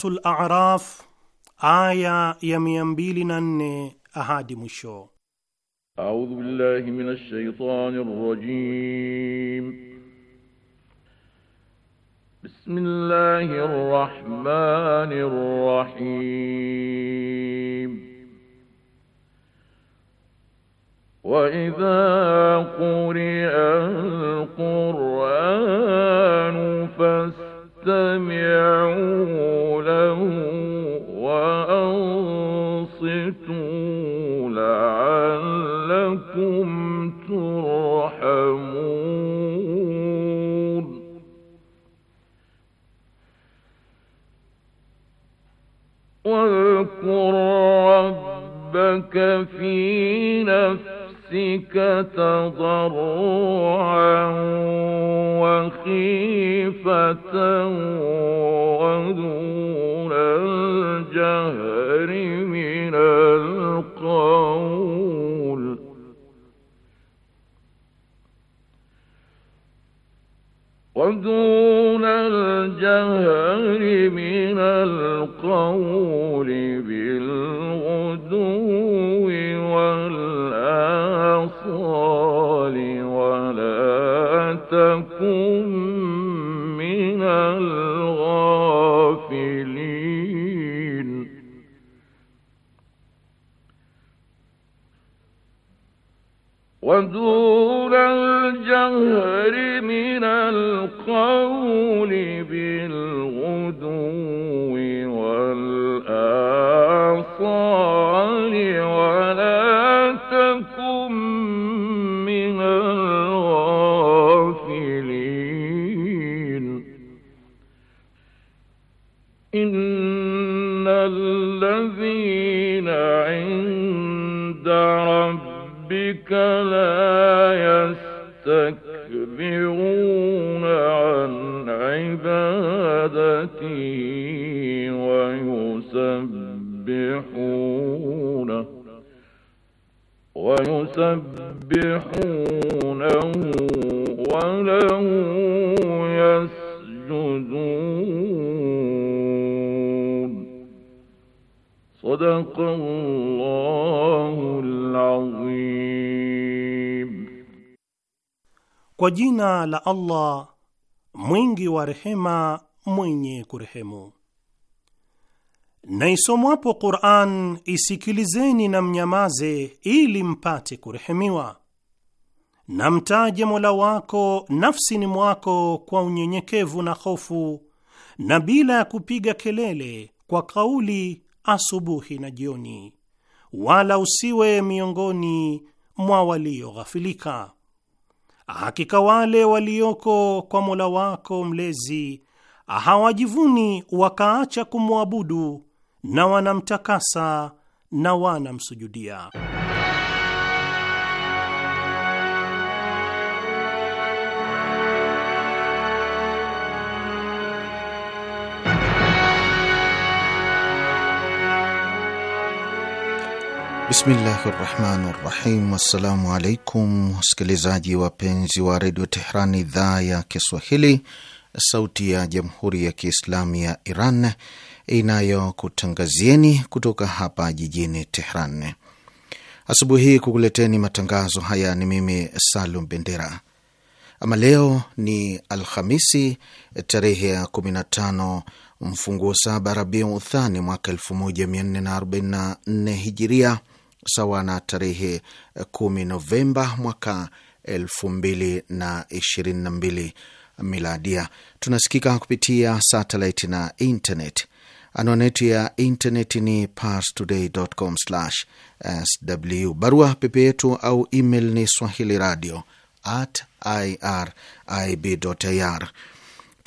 Suratul Araf aya ya mia mbili na nne ahadi mwisho. A'udhu billahi minash shaitanir rajim. Bismillahir rahmanir rahim. وإذا قرئ القرآن فاستمعوا يسبحونه وله يسجدون صدق الله العظيم Kwa jina la Allah mwingi wa rehema mwenye kurehemu. Na isomwapo Qur'an isikilizeni na mnyamaze, ili mpate kurehemiwa na mtaje Mola wako nafsini mwako kwa unyenyekevu na hofu na bila ya kupiga kelele kwa kauli asubuhi na jioni, wala usiwe miongoni mwa walioghafilika. Hakika wale walioko kwa Mola wako mlezi hawajivuni wakaacha kumwabudu, na wanamtakasa na wanamsujudia. Bismillahi rahmani rahim. Wassalamu alaikum wasikilizaji wapenzi wa redio Tehran, idhaa ya Kiswahili, sauti ya jamhuri ya Kiislamu ya Iran inayokutangazieni kutoka hapa jijini Tehran asubuhi hii kukuleteni matangazo haya. Ni mimi Salum Bendera. Ama leo ni Alhamisi tarehe ya 15 mfunguo saba Rabiu Uthani mwaka 1444 hijiria sawa na tarehe 10 eh, Novemba mwaka mbili miladia. Tunasikika kupitia satelit na internet. Anwani yetu ya internet ni parstoday.com/sw. Barua pepe yetu au email ni swahili radio at irib.ir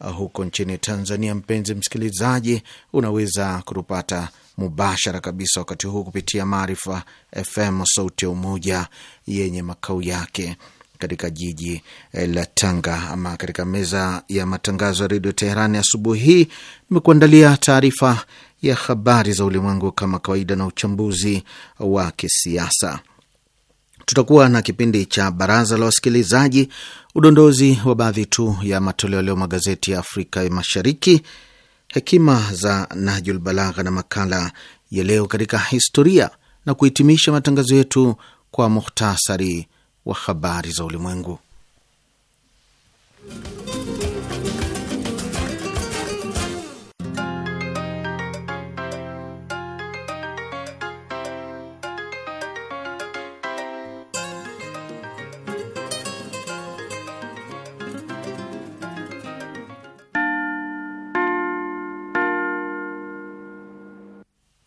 Uh, huko nchini Tanzania, mpenzi msikilizaji, unaweza kutupata mubashara kabisa wakati huu kupitia Maarifa FM sauti ya Umoja yenye makao yake katika jiji eh, la Tanga. Ama katika meza ya matangazo ya redio Teheran asubuhi hii imekuandalia taarifa ya habari za ulimwengu kama kawaida na uchambuzi wa kisiasa. Tutakuwa na kipindi cha baraza la wasikilizaji udondozi wa baadhi tu ya matoleo leo magazeti ya Afrika ya Mashariki, hekima za najul Balagha na makala ya leo katika historia, na kuhitimisha matangazo yetu kwa muhtasari wa habari za ulimwengu.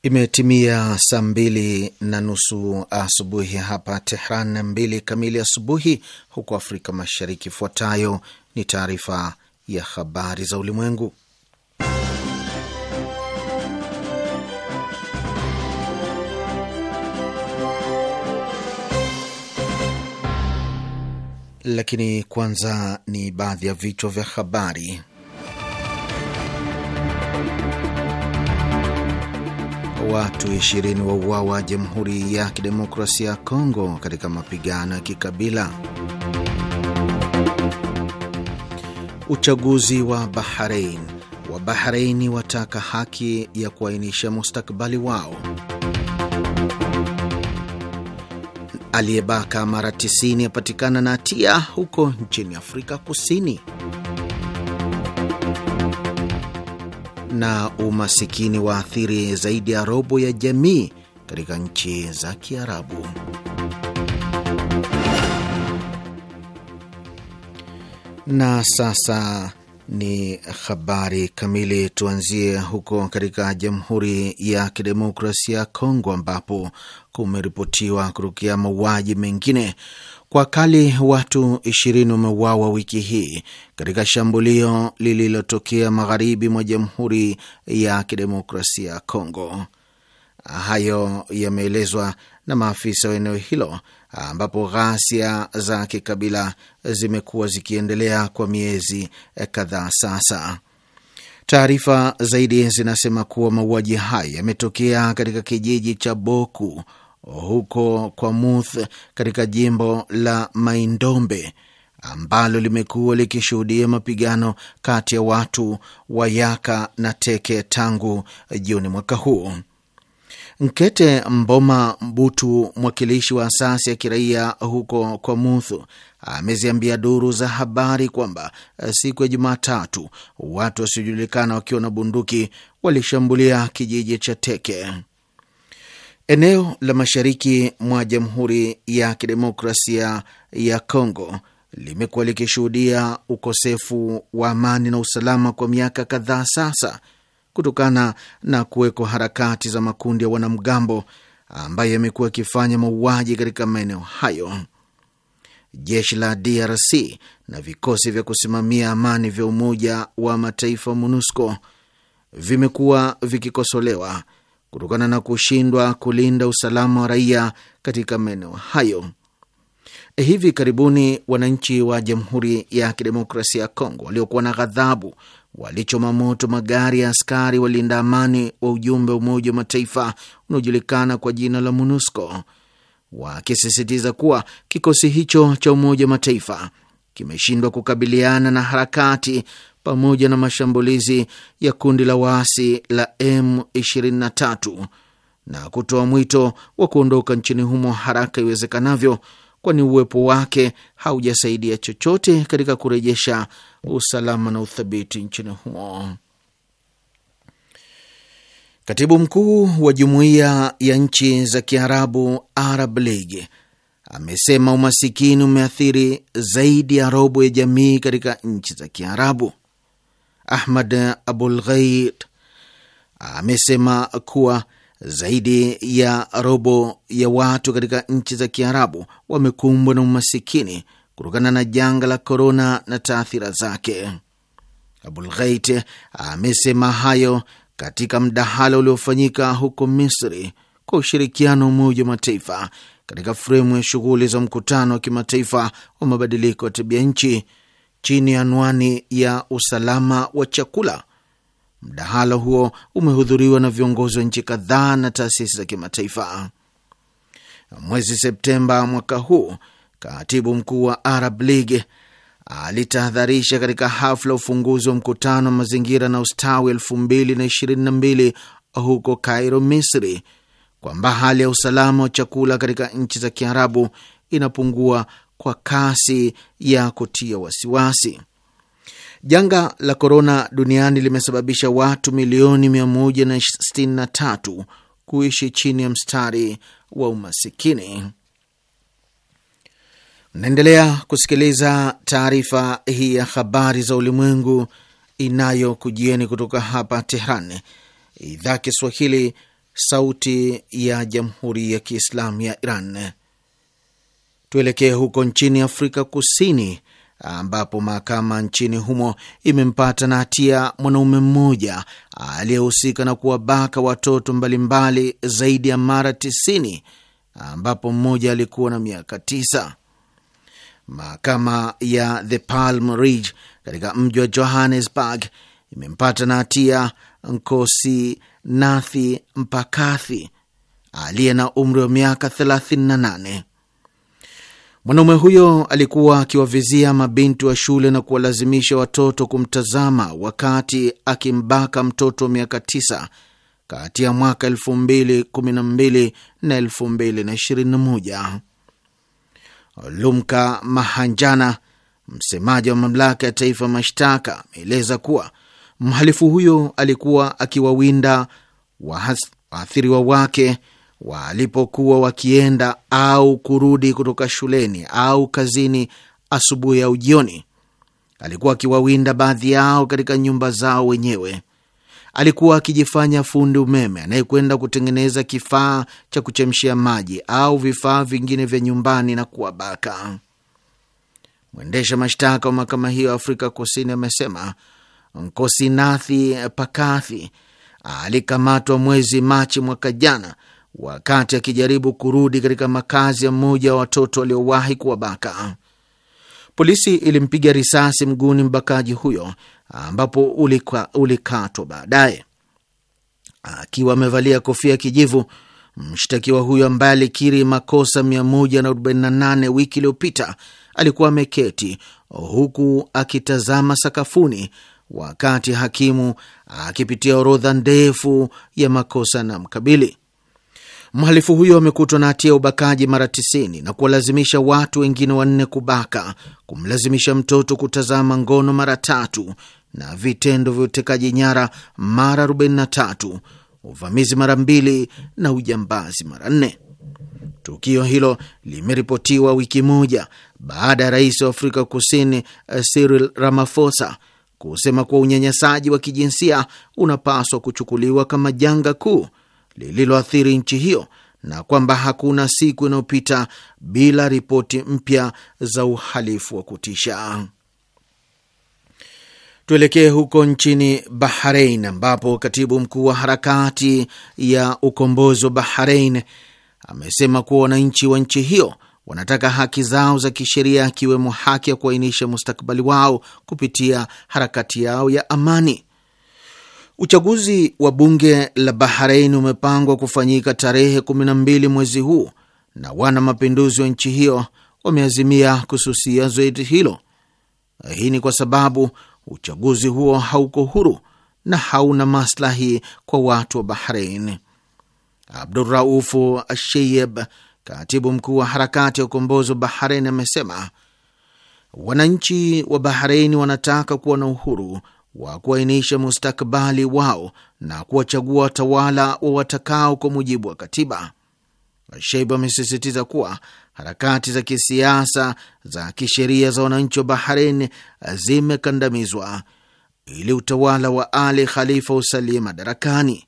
Imetimia saa mbili na nusu asubuhi hapa Tehran, mbili kamili asubuhi huko Afrika Mashariki. Ifuatayo ni taarifa ya habari za ulimwengu, lakini kwanza ni baadhi ya vichwa vya habari. Watu 20 wauawa Jamhuri ya Kidemokrasia ya Kongo katika mapigano ya kikabila. Uchaguzi wa Bahrain, wa Bahraini wataka haki ya kuainisha mustakabali wao. Aliyebaka mara 90 apatikana na hatia huko nchini Afrika Kusini. na umasikini waathiri zaidi ya robo ya jamii katika nchi za Kiarabu. Na sasa ni habari kamili. Tuanzie huko katika Jamhuri ya Kidemokrasia ya Kongo ambapo kumeripotiwa kutokea mauaji mengine kwa kali watu ishirini wameuawa wiki hii katika shambulio lililotokea magharibi mwa Jamhuri ya Kidemokrasia ya Kongo. Hayo yameelezwa na maafisa wa eneo hilo, ambapo ghasia za kikabila zimekuwa zikiendelea kwa miezi kadhaa sasa. Taarifa zaidi zinasema kuwa mauaji hayo yametokea katika kijiji cha Boku huko kwa muth katika jimbo la Maindombe ambalo limekuwa likishuhudia mapigano kati ya watu wa Yaka na Teke tangu Juni mwaka huu. Nkete Mboma Mbutu, mwakilishi wa asasi ya kiraia huko kwa Muthu, ameziambia duru za habari kwamba eh, siku ya Jumatatu watu wasiojulikana wakiwa na bunduki walishambulia kijiji cha Teke. Eneo la mashariki mwa Jamhuri ya Kidemokrasia ya congo limekuwa likishuhudia ukosefu wa amani na usalama kwa miaka kadhaa sasa kutokana na kuwekwa harakati za makundi ya wanamgambo ambayo yamekuwa yakifanya mauaji katika maeneo hayo. Jeshi la DRC na vikosi vya kusimamia amani vya Umoja wa Mataifa MONUSCO vimekuwa vikikosolewa kutokana na kushindwa kulinda usalama wa raia katika maeneo hayo. Hivi karibuni wananchi wa Jamhuri ya Kidemokrasia ya Kongo waliokuwa na ghadhabu walichoma moto magari ya askari walinda amani wa ujumbe wa Umoja wa Mataifa unaojulikana kwa jina la MONUSCO, wakisisitiza kuwa kikosi hicho cha Umoja wa Mataifa kimeshindwa kukabiliana na harakati pamoja na mashambulizi ya kundi la waasi la M23 na kutoa mwito wa kuondoka nchini humo haraka iwezekanavyo, kwani uwepo wake haujasaidia chochote katika kurejesha usalama na uthabiti nchini humo. Katibu mkuu wa jumuiya ya nchi za Kiarabu, Arab League, amesema umasikini umeathiri zaidi ya robo ya jamii katika nchi za Kiarabu. Ahmad Abulghait amesema kuwa zaidi ya robo ya watu katika nchi za Kiarabu wamekumbwa na umasikini kutokana na janga la korona na taathira zake. Ghait amesema hayo katika mdahalo uliofanyika huko Misri kwa ushirikiano wa Umoja wa Mataifa katika fremu ya shughuli za mkutano wa kimataifa wa mabadiliko ya tabia nchi chini ya anwani ya usalama wa chakula. Mdahalo huo umehudhuriwa na viongozi wa nchi kadhaa na taasisi za kimataifa. Mwezi Septemba mwaka huu, katibu mkuu wa Arab League alitahadharisha katika hafla ufunguzi wa mkutano wa mazingira na ustawi 2022 huko Cairo, Misri, kwamba hali ya usalama wa chakula katika nchi za Kiarabu inapungua kwa kasi ya kutia wasiwasi. Janga la korona duniani limesababisha watu milioni 163 kuishi chini ya mstari wa umasikini. Mnaendelea kusikiliza taarifa hii ya habari za ulimwengu inayokujieni kutoka hapa Tehran, idhaa Kiswahili, sauti ya jamhuri ya kiislamu ya Iran. Tuelekee huko nchini Afrika Kusini ambapo mahakama nchini humo imempata na hatia mwanaume mmoja aliyehusika na kuwabaka watoto mbalimbali zaidi ya mara tisini ambapo mmoja alikuwa na miaka tisa. Mahakama ya The Palm Ridge katika mji wa Johannesburg imempata na hatia Nkosi Nathi Mpakathi aliye na umri wa miaka 38 Mwanaume huyo alikuwa akiwavizia mabinti wa shule na kuwalazimisha watoto kumtazama wakati akimbaka mtoto wa miaka tisa kati ya mwaka kumi na moja. Lumka Mahanjana, msemaji wa mamlaka ya taifa ya mashtaka, ameeleza kuwa mhalifu huyo alikuwa akiwawinda waathiriwa wake walipokuwa wakienda au kurudi kutoka shuleni au kazini asubuhi au jioni. Alikuwa akiwawinda baadhi yao katika nyumba zao wenyewe. Alikuwa akijifanya fundi umeme anayekwenda kutengeneza kifaa cha kuchemshia maji au vifaa vingine vya nyumbani na kuwabaka. Mwendesha mashtaka wa mahakama hiyo Afrika Kusini amesema Nkosinathi Pakathi alikamatwa mwezi Machi mwaka jana wakati akijaribu kurudi katika makazi ya mmoja wa watoto waliowahi kuwabaka. Polisi ilimpiga risasi mguuni mbakaji huyo, ambapo ulikatwa baadaye. Akiwa amevalia kofia kijivu, mshtakiwa huyo ambaye alikiri makosa 148 wiki iliyopita alikuwa ameketi huku akitazama sakafuni wakati hakimu akipitia orodha ndefu ya makosa na mkabili. Mhalifu huyo amekutwa na hatia ya ubakaji mara tisini na kuwalazimisha watu wengine wanne kubaka, kumlazimisha mtoto kutazama ngono mara tatu na vitendo vya utekaji nyara mara 43, uvamizi mara mbili na ujambazi mara nne. Tukio hilo limeripotiwa wiki moja baada ya rais wa Afrika Kusini eh, Cyril Ramaphosa kusema kuwa unyanyasaji wa kijinsia unapaswa kuchukuliwa kama janga kuu lililoathiri nchi hiyo na kwamba hakuna siku inayopita bila ripoti mpya za uhalifu wa kutisha. Tuelekee huko nchini bahrein ambapo katibu mkuu wa harakati ya ukombozi wa bahrein amesema kuwa wananchi wa nchi hiyo wanataka haki zao za kisheria, akiwemo haki ya kuainisha mustakabali wao kupitia harakati yao ya amani. Uchaguzi wa bunge la Bahrain umepangwa kufanyika tarehe 12 mwezi huu na wana mapinduzi wa nchi hiyo wameazimia kususia zoezi hilo. Hii ni kwa sababu uchaguzi huo hauko huru na hauna maslahi kwa watu wa Bahrain. abdurraufu Asheyeb, katibu mkuu wa harakati ya ukombozi wa Bahrain, amesema wananchi wa Bahrain wanataka kuwa na uhuru wa kuainisha mustakabali wao na kuwachagua watawala wa watakao kwa mujibu wa katiba. Sheiba amesisitiza kuwa harakati za kisiasa za kisheria za wananchi wa bahrein zimekandamizwa ili utawala wa Ali Khalifa usalie madarakani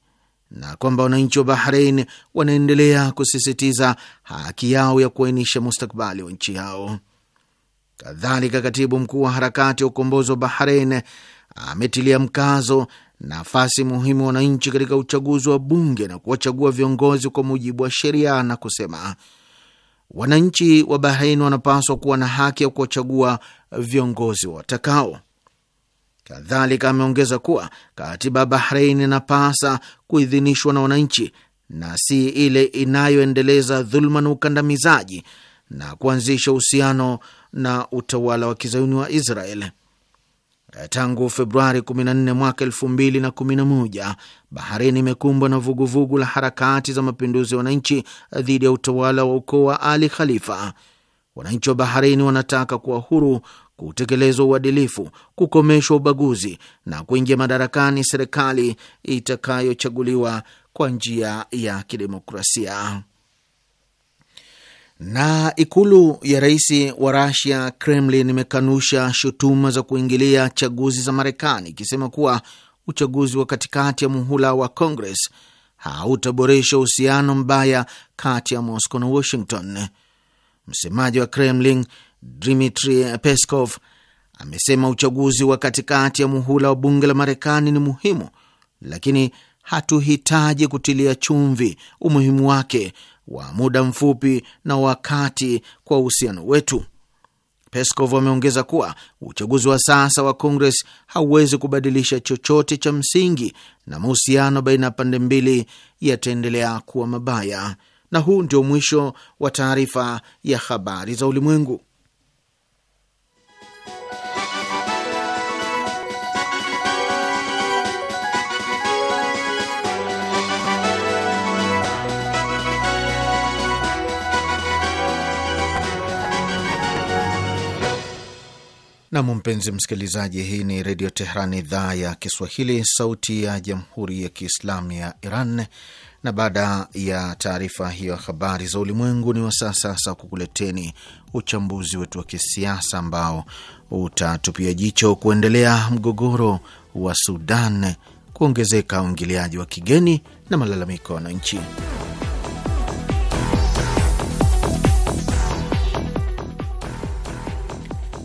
na kwamba wananchi wa bahrein wanaendelea kusisitiza haki yao ya kuainisha mustakabali wa nchi yao. Kadhalika, katibu mkuu wa harakati ya ukombozi wa Bahrein ametilia mkazo nafasi muhimu wananchi katika uchaguzi wa bunge na kuwachagua viongozi kwa mujibu wa sheria na kusema wananchi wa Bahrain wanapaswa kuwa na haki ya kuwachagua viongozi watakao. Kadhalika ameongeza kuwa katiba ya Bahrain inapasa kuidhinishwa na wananchi na si ile inayoendeleza dhuluma na ukandamizaji na kuanzisha uhusiano na utawala wa kizayuni wa Israel. Eh, tangu Februari 14 mwaka 2011 Baharini imekumbwa na vuguvugu la harakati za mapinduzi ya wananchi eh, dhidi ya utawala wa ukoo wa Ali Khalifa. Wananchi wa Baharini wanataka kuwa huru, kutekelezwa uadilifu, kukomeshwa ubaguzi na kuingia madarakani serikali itakayochaguliwa kwa njia ya kidemokrasia. Na ikulu ya rais wa Rasia, Kremlin, imekanusha shutuma za kuingilia chaguzi za Marekani, ikisema kuwa uchaguzi wa katikati ya muhula wa Congress hautaboresha uhusiano mbaya kati ya Moscow na Washington. Msemaji wa Kremlin Dmitri Peskov amesema uchaguzi wa katikati ya muhula wa bunge la Marekani ni muhimu, lakini hatuhitaji kutilia chumvi umuhimu wake wa muda mfupi na wakati kwa uhusiano wetu. Peskov ameongeza kuwa uchaguzi wa sasa wa Kongres hauwezi kubadilisha chochote cha msingi na mahusiano baina ya pande mbili yataendelea kuwa mabaya. Na huu ndio mwisho wa taarifa ya habari za ulimwengu. Nam, mpenzi msikilizaji, hii ni Redio Tehran, idhaa ya Kiswahili, sauti ya Jamhuri ya Kiislamu ya Iran. Na baada ya taarifa hiyo habari za ulimwengu, ni wasaa sasa kukuleteni uchambuzi wetu wa kisiasa ambao utatupia jicho kuendelea mgogoro wa Sudan, kuongezeka uingiliaji wa kigeni na malalamiko ya wananchi.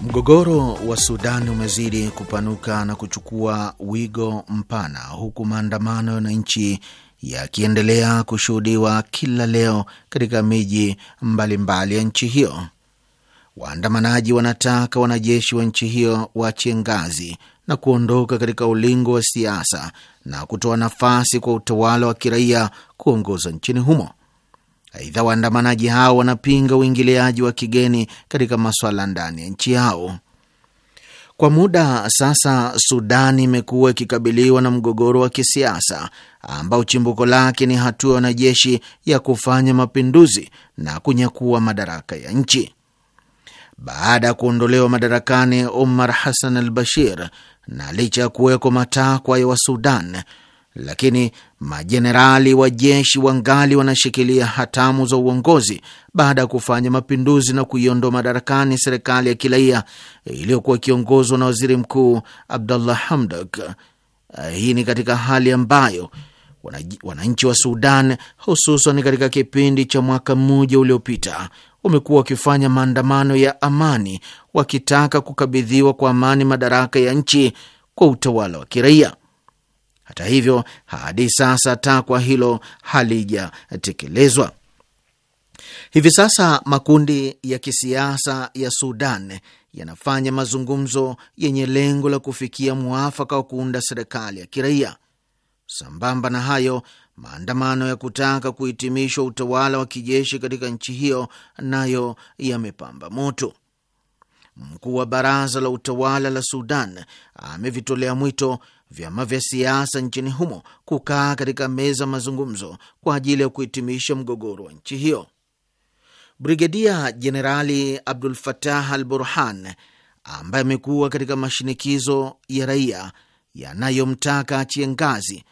Mgogoro wa Sudan umezidi kupanuka na kuchukua wigo mpana, huku maandamano ya wananchi yakiendelea kushuhudiwa kila leo katika miji mbalimbali ya nchi hiyo. Waandamanaji wanataka wanajeshi wa nchi hiyo waachie ngazi na kuondoka katika ulingo wa siasa na kutoa nafasi kwa utawala wa kiraia kuongoza nchini humo. Aidha, waandamanaji hao wanapinga uingiliaji wa kigeni katika masuala ndani ya nchi yao. Kwa muda sasa, Sudani imekuwa ikikabiliwa na mgogoro wa kisiasa ambao chimbuko lake ni hatua ya wanajeshi ya kufanya mapinduzi na kunyakua madaraka ya nchi. Baada ya kuondolewa madarakani Omar Hassan al Bashir, na licha ya kuwekwa matakwa ya Wasudan, lakini majenerali wa jeshi wangali wanashikilia hatamu za uongozi baada ya kufanya mapinduzi na kuiondoa madarakani serikali ya kiraia iliyokuwa ikiongozwa na waziri mkuu Abdullah Hamdok. Eh, hii ni katika hali ambayo wananchi wa Sudan, hususan katika kipindi cha mwaka mmoja uliopita, wamekuwa wakifanya maandamano ya amani wakitaka kukabidhiwa kwa amani madaraka ya nchi kwa utawala wa kiraia. Hata hivyo, hadi sasa takwa hilo halijatekelezwa. Hivi sasa makundi ya kisiasa ya Sudan yanafanya mazungumzo yenye lengo la kufikia mwafaka wa kuunda serikali ya kiraia. Sambamba na hayo, maandamano ya kutaka kuhitimishwa utawala wa kijeshi katika nchi hiyo nayo yamepamba moto. Mkuu wa baraza la utawala la Sudan amevitolea mwito vyama vya siasa nchini humo kukaa katika meza mazungumzo kwa ajili ya kuhitimisha mgogoro wa nchi hiyo. Brigedia Jenerali Abdul Fatah Al Burhan, ambaye amekuwa katika mashinikizo ya raia yanayomtaka achie ngazi,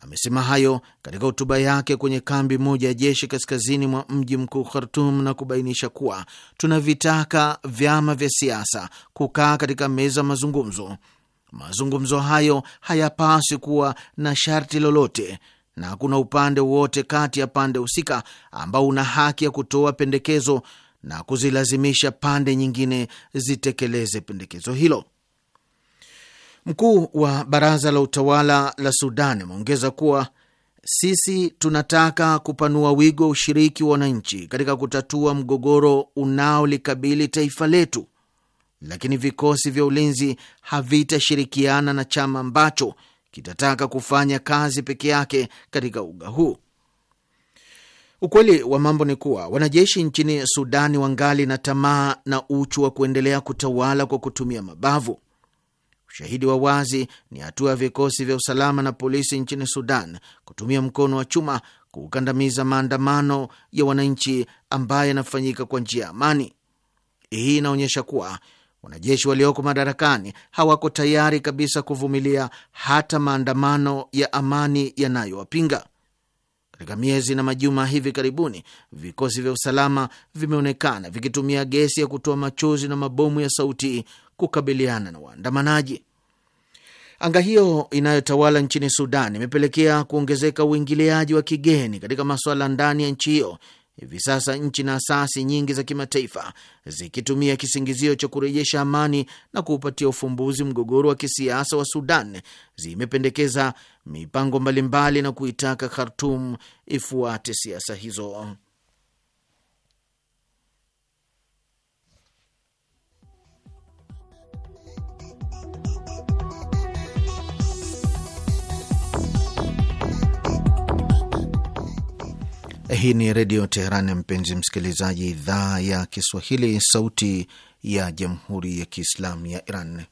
amesema hayo katika hotuba yake kwenye kambi moja ya jeshi kaskazini mwa mji mkuu Khartum na kubainisha kuwa tunavitaka vyama vya siasa kukaa katika meza mazungumzo mazungumzo hayo hayapaswi kuwa na sharti lolote na hakuna upande wote kati ya pande husika ambao una haki ya kutoa pendekezo na kuzilazimisha pande nyingine zitekeleze pendekezo hilo. Mkuu wa baraza la utawala la Sudan ameongeza kuwa sisi tunataka kupanua wigo wa ushiriki wa wananchi katika kutatua mgogoro unaolikabili taifa letu lakini vikosi vya ulinzi havitashirikiana na chama ambacho kitataka kufanya kazi peke yake katika uga huu. Ukweli wa mambo ni kuwa wanajeshi nchini Sudani wangali na tamaa na uchu wa kuendelea kutawala kwa kutumia mabavu. Ushahidi wa wazi ni hatua ya vikosi vya usalama na polisi nchini Sudan kutumia mkono wa chuma kukandamiza maandamano ya wananchi ambayo yanafanyika kwa njia ya amani. Hii inaonyesha kuwa wanajeshi walioko madarakani hawako tayari kabisa kuvumilia hata maandamano ya amani yanayowapinga. Katika miezi na majuma hivi karibuni, vikosi vya usalama vimeonekana vikitumia gesi ya kutoa machozi na mabomu ya sauti kukabiliana na waandamanaji. Anga hiyo inayotawala nchini Sudan imepelekea kuongezeka uingiliaji wa kigeni katika masuala ndani ya nchi hiyo Hivi sasa nchi na asasi nyingi za kimataifa zikitumia kisingizio cha kurejesha amani na kuupatia ufumbuzi mgogoro wa kisiasa wa Sudan zimependekeza mipango mbalimbali na kuitaka Khartum ifuate siasa hizo. Hii ni Redio Teheran, mpenzi msikilizaji, idhaa ya Kiswahili, sauti ya Jamhuri ya Kiislamu ya Iran.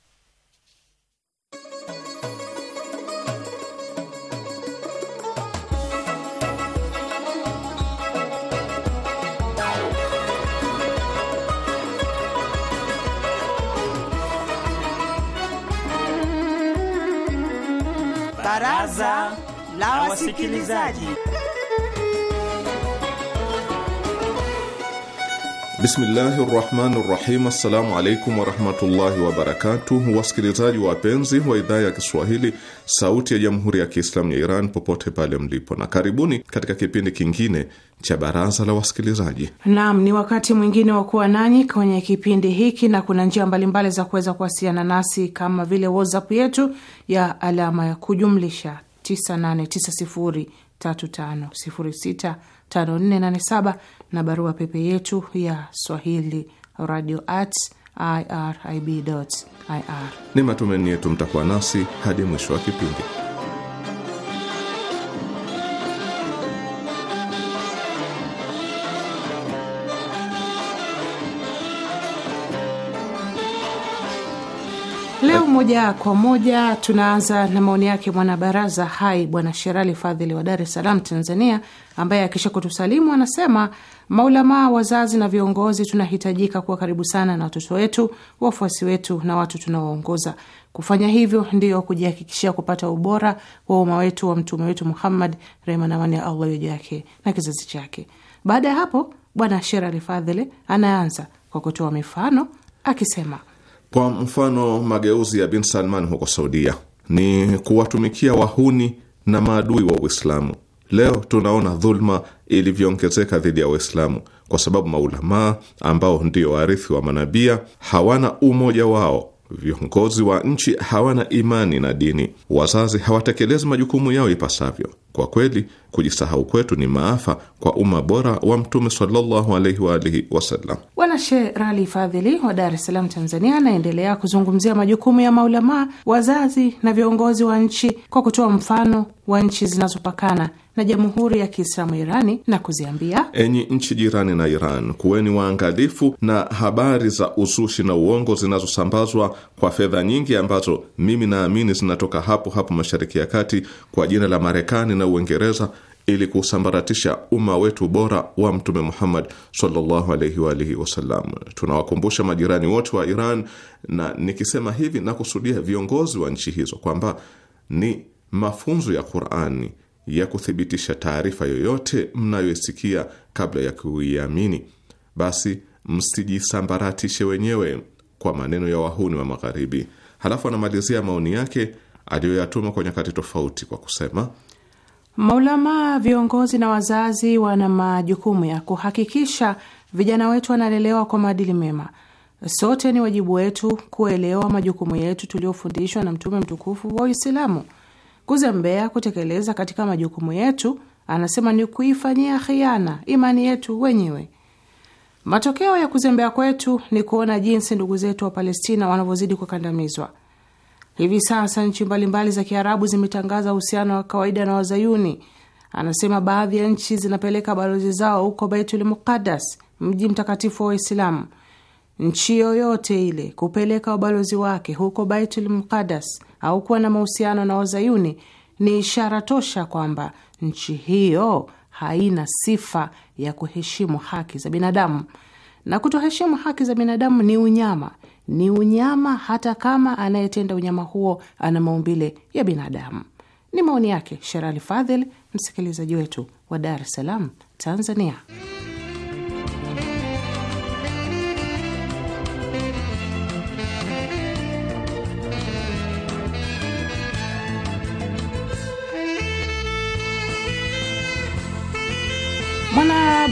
Baraza la Wasikilizaji. Bismillahi rahmani rahim. Assalamu alaikum warahmatullahi wabarakatuh. Wasikilizaji wapenzi wa idhaa ya Kiswahili sauti ya jamhuri ya Kiislamu ya Iran popote pale mlipo, na karibuni katika kipindi kingine cha baraza la wasikilizaji. Naam, ni wakati mwingine wa kuwa nanyi kwenye kipindi hiki, na kuna njia mbalimbali za kuweza kuwasiliana nasi kama vile WhatsApp yetu ya alama ya kujumlisha 98903506 5487 na barua pepe yetu ya swahili radio at irib ir. Ni matumaini yetu mtakuwa nasi hadi mwisho wa kipindi. Leo moja kwa moja tunaanza na maoni yake mwanabaraza hai Bwana Sherali Fadhili wa Dar es Salaam, Tanzania, ambaye akisha kutusalimu anasema maulamaa, wazazi na viongozi, tunahitajika kuwa karibu sana na watoto wetu, wafuasi wetu na watu tunaoongoza. Kufanya hivyo ndio kujihakikishia kupata ubora wa umma wetu wa mtume wetu Muhammad, rehma na amani ya Allah juu yake na kizazi chake. Baada ya hapo, Bwana Shera Alfadhili anaanza kwa kutoa mifano akisema, kwa mfano mageuzi ya bin Salman huko Saudia ni kuwatumikia wahuni na maadui wa Uislamu Leo tunaona dhulma ilivyoongezeka dhidi ya Waislamu kwa sababu maulamaa ambao ndio warithi wa manabia hawana umoja wao. Viongozi wa nchi hawana imani na dini, wazazi hawatekelezi majukumu yao ipasavyo. Kwa kweli, kujisahau kwetu ni maafa kwa umma bora wa Mtume sallallahu alaihi wa alihi wasallam. Bwana Sheikh Rali Fadhili wa Dar es Salaam, Tanzania, anaendelea kuzungumzia majukumu ya maulamaa, wazazi na viongozi wa nchi kwa kutoa mfano wa nchi zinazopakana na Jamhuri ya Kiislamu Irani na kuziambia, enyi nchi jirani na Iran, kuweni waangalifu na habari za uzushi na uongo zinazosambazwa kwa fedha nyingi ambazo mimi naamini zinatoka hapo hapo Mashariki ya Kati kwa jina la Marekani na Uingereza ili kusambaratisha umma wetu bora wa Mtume Muhammad sallallahu alaihi wa alihi wasallam. Tunawakumbusha majirani wote wa Iran, na nikisema hivi nakusudia viongozi wa nchi hizo kwamba ni mafunzo ya Qur'ani ya kuthibitisha taarifa yoyote mnayoisikia kabla ya kuiamini, basi msijisambaratishe wenyewe kwa maneno ya wahuni wa Magharibi. Halafu anamalizia maoni yake aliyoyatuma kwa nyakati tofauti kwa kusema maulamaa, viongozi na wazazi wana majukumu ya kuhakikisha vijana wetu wanalelewa kwa maadili mema. Sote ni wajibu wetu kuelewa majukumu yetu tuliyofundishwa na Mtume mtukufu wa Uislamu. Kuzembea kutekeleza katika majukumu yetu, anasema ni kuifanyia khiana imani yetu wenyewe. Matokeo ya kuzembea kwetu ni kuona jinsi ndugu zetu wa Palestina wanavyozidi kukandamizwa. Hivi sasa nchi mbalimbali za Kiarabu zimetangaza uhusiano wa kawaida na Wazayuni. Anasema baadhi ya nchi zinapeleka balozi zao huko Baitul Muqaddas, mji mtakatifu wa Waislamu, nchi yoyote ile kupeleka wabalozi wake huko Baitul Muqaddas au kuwa na mahusiano na wazayuni ni ishara tosha kwamba nchi hiyo haina sifa ya kuheshimu haki za binadamu. Na kutoheshimu haki za binadamu ni unyama, ni unyama hata kama anayetenda unyama huo ana maumbile ya binadamu. Ni maoni yake Sherali Fadhil, msikilizaji wetu wa Dar es Salaam, Tanzania.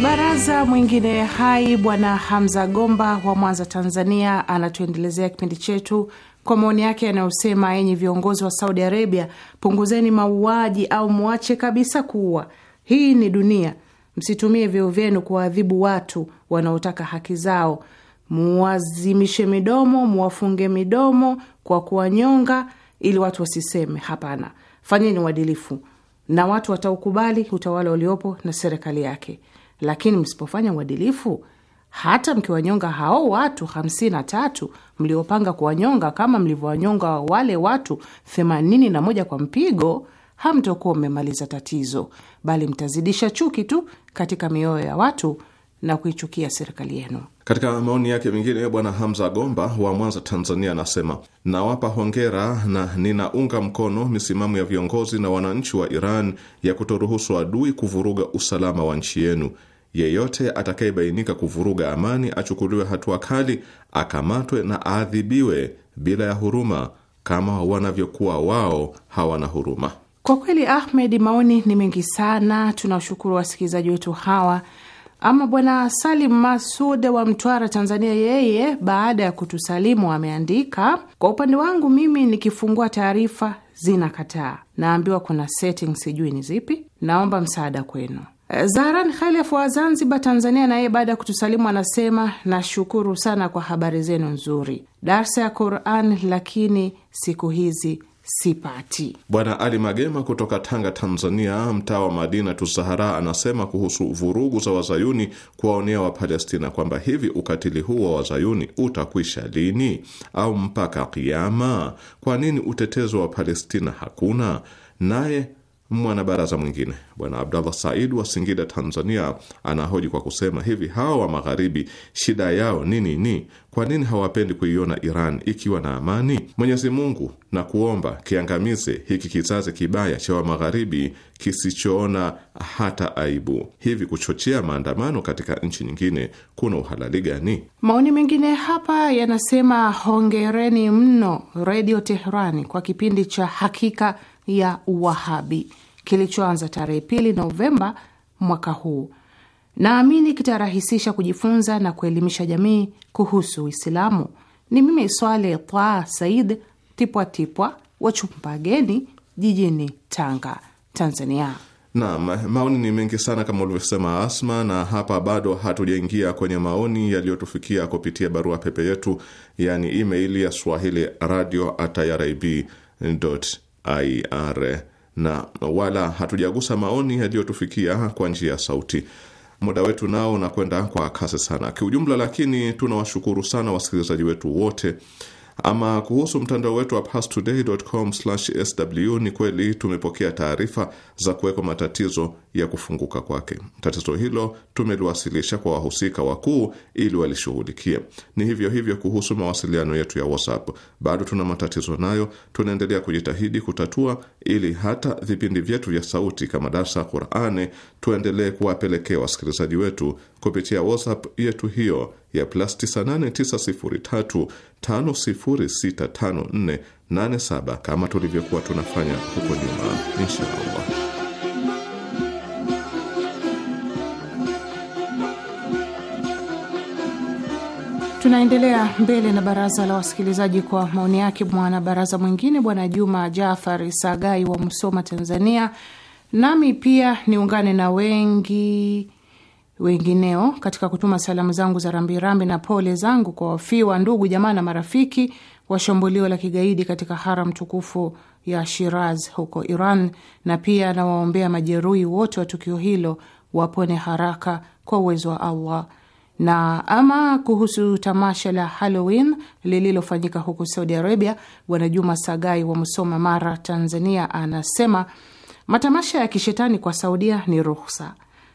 baraza mwingine hai Bwana Hamza Gomba wa Mwanza, Tanzania, anatuendelezea kipindi chetu kwa maoni yake yanayosema, yenye viongozi wa Saudi Arabia, punguzeni mauaji au mwache kabisa kuua. Hii ni dunia, msitumie vyeo vyenu kuwaadhibu watu wanaotaka haki zao. Muwazimishe midomo, muwafunge midomo kwa kuwanyonga, ili watu wasiseme. Hapana, fanyeni uadilifu na watu wataukubali utawala uliopo na serikali yake lakini msipofanya uadilifu hata mkiwanyonga hao watu hamsini na tatu mliopanga kuwanyonga kama mlivyowanyonga wale watu themanini na moja kwa mpigo, hamtokuwa mmemaliza tatizo, bali mtazidisha chuki tu katika mioyo ya watu na kuichukia serikali yenu. Katika maoni yake mengine, Bwana Hamza Gomba wa Mwanza, Tanzania, anasema nawapa hongera na ninaunga mkono misimamo ya viongozi na wananchi wa Iran ya kutoruhusu adui kuvuruga usalama wa nchi yenu yeyote atakayebainika kuvuruga amani achukuliwe hatua kali, akamatwe na aadhibiwe bila ya huruma kama wanavyokuwa wao hawana huruma. Kwa kweli, Ahmed, maoni ni mengi sana. Tunawashukuru wasikilizaji wetu hawa. Ama Bwana Salim Masud wa Mtwara, Tanzania, yeye baada ya kutusalimu ameandika, kwa upande wangu mimi nikifungua taarifa zinakataa, naambiwa kuna sijui ni zipi, naomba msaada kwenu. Zaran Khalef wa Zanzibar, Tanzania, naye baada ya kutusalimu anasema nashukuru sana kwa habari zenu nzuri, darsa ya Quran lakini siku hizi sipati. Bwana Ali Magema kutoka Tanga, Tanzania, mtaa wa Madina Tusahara, anasema kuhusu vurugu za wazayuni kuwaonea Wapalestina kwamba hivi ukatili huu wa wazayuni utakwisha lini au mpaka kiama? Kwa nini utetezo wa Palestina hakuna? Naye Mwanabaraza mwingine Bwana Abdallah Said wa Singida, Tanzania, anahoji kwa kusema hivi: hawa wa Magharibi shida yao ni nini? Ni kwa nini hawapendi kuiona Iran ikiwa na amani? Mwenyezi Mungu na kuomba kiangamize hiki kizazi kibaya cha wa Magharibi kisichoona hata aibu. Hivi kuchochea maandamano katika nchi nyingine kuna uhalali gani? Maoni mengine hapa yanasema hongereni mno Redio Teherani kwa kipindi cha hakika ya Wahabi kilichoanza tarehe pili Novemba mwaka huu. Naamini kitarahisisha kujifunza na kuelimisha jamii kuhusu Uislamu. Ni mimi Swale Twa Said Tipwatipwa geni jijini Tanga, Tanzania. Naam, maoni ni mengi sana kama ulivyosema Asma, na hapa bado hatujaingia kwenye maoni yaliyotufikia kupitia barua pepe yetu, yaani email ya swahili radio at irib IR na wala hatujagusa maoni yaliyotufikia kwa njia ya sauti. Muda wetu nao unakwenda kwa kasi sana kiujumla, lakini tunawashukuru sana wasikilizaji wetu wote. Ama kuhusu mtandao wetu wa pastoday.com/sw, ni kweli tumepokea taarifa za kuwekwa matatizo ya kufunguka kwake. Tatizo hilo tumeliwasilisha kwa wahusika wakuu ili walishughulikie. Ni hivyo hivyo kuhusu mawasiliano yetu ya WhatsApp, bado tuna matatizo nayo, tunaendelea kujitahidi kutatua, ili hata vipindi vyetu vya sauti kama darsa Qurani tuendelee kuwapelekea wasikilizaji wetu kupitia WhatsApp yetu hiyo ya plus 989035065487 kama tulivyokuwa tunafanya huko nyuma, inshallah. Tunaendelea mbele na baraza la wasikilizaji kwa maoni yake mwanabaraza mwingine bwana Juma Jafari Sagai wa Musoma, Tanzania. Nami pia niungane na wengi wengineo katika kutuma salamu zangu za rambirambi na pole zangu kwa wafiwa, ndugu jamaa na marafiki wa shambulio la kigaidi katika haram tukufu ya Shiraz huko Iran, na pia nawaombea majeruhi wote wa tukio hilo wapone haraka kwa uwezo wa Allah. Na ama kuhusu tamasha la Halloween lililofanyika huko Saudi Arabia, Bwana Juma Sagai wa Musoma, Mara, Tanzania, anasema matamasha ya kishetani kwa Saudia ni ruhusa,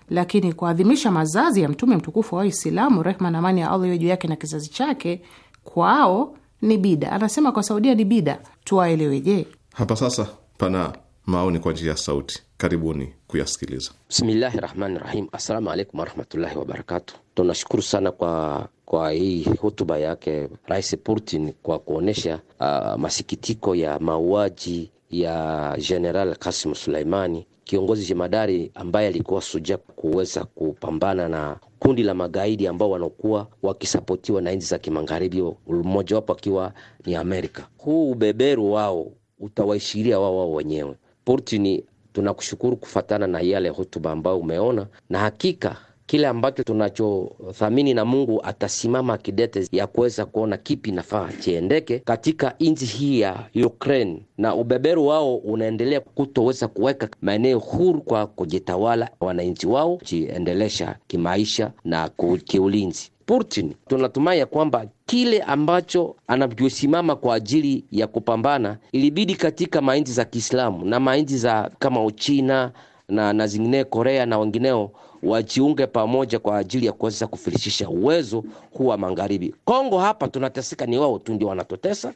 lakini kuadhimisha mazazi ya Mtume mtukufu wa Waislamu, rehma na amani ya Allah iwe juu yake na kizazi chake, kwao ni bida. Anasema kwa Saudia ni bida, tuwaeleweje? Hapa sasa pana maoni kwa njia ya sauti. Karibuni kuyasikiliza. Bismillahi rahmani rahim. Assalamu alaikum warahmatullahi wabarakatu. Tunashukuru sana kwa kwa hii hotuba yake Rais Putin kwa kuonyesha uh, masikitiko ya mauaji ya General Kasim Suleimani, kiongozi jemadari ambaye alikuwa suja kuweza kupambana na kundi la magaidi ambao wanakuwa wakisapotiwa na nchi za kimagharibi, mmojawapo akiwa ni Amerika. Huu ubeberu wao utawaishiria wao wao wenyewe Putin, tunakushukuru kufatana na yale hotuba ambayo umeona, na hakika kile ambacho tunachothamini na Mungu atasimama kidete ya kuweza kuona kipi nafaa chiendeke katika nchi hii ya Ukraine, na ubeberu wao unaendelea kutoweza kuweka maeneo huru kwa kujitawala wananchi wao, kujiendelesha kimaisha na kiulinzi. Putin, tunatumai ya kwamba kile ambacho anavyosimama kwa ajili ya kupambana ilibidi katika mainzi za Kiislamu na mainzi za kama Uchina na, na zingine Korea na wengineo wajiunge pamoja kwa ajili ya kuweza kufilishisha uwezo huu wa magharibi. Kongo hapa tunateseka, ni wao tu ndio wanatotesa,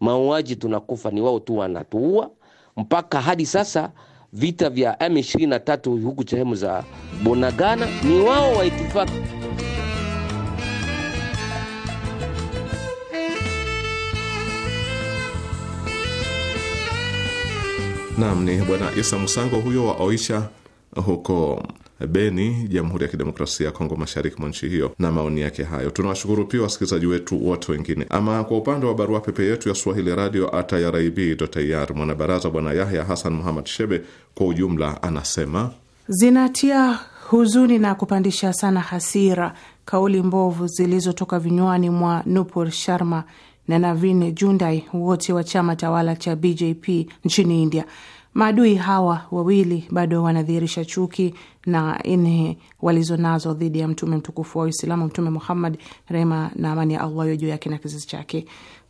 mauaji tunakufa, ni wao tu wanatuua. Mpaka hadi sasa vita vya M23 huku sehemu za Bonagana ni wao waitifaki Naam, ni bwana Isa Musango huyo wa Oicha huko Beni, Jamhuri ya Kidemokrasia ya Kongo, mashariki mwa nchi hiyo, na maoni yake hayo. Tunawashukuru pia wasikilizaji wetu wote wengine. Ama kwa upande wa barua pepe yetu ya swahili radio irib.ir, mwanabaraza bwana Yahya hassan Muhammad Shebe kwa ujumla anasema zinatia huzuni na kupandisha sana hasira kauli mbovu zilizotoka vinywani mwa Nupur Sharma na Navin Jundai, wote wa chama tawala cha BJP nchini India. Maadui hawa wawili bado wanadhihirisha chuki na inhe walizonazo dhidi ya mtume mtukufu wa Uislamu, Mtume Muhammad, rehma na amani ya Allah juu yake na kizazi chake,